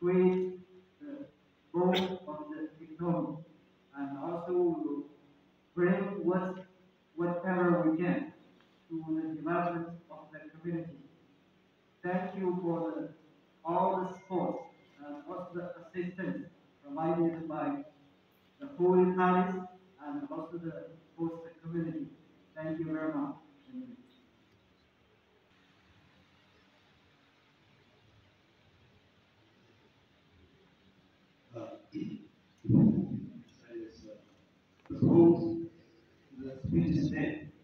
great uh, both of the economy and also bring what, whatever we can to the development of the community. Thank you for the, all the support and all the assistance provided by the holy palace and also the host community. Thank you very much. Hij is groot. Dat is